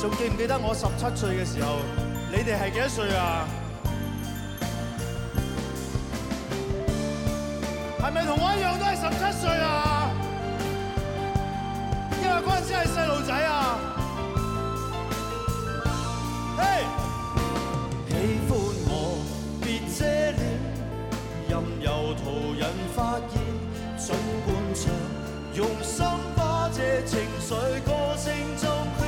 仲記唔記得我十七歲嘅時候，你哋係幾多歲啊？係咪同我一樣都係十七歲啊？因為嗰陣時係細路仔啊！嘿、hey!，喜歡我別遮臉，任由途人發現，儘管唱，用心把這情緒歌聲中。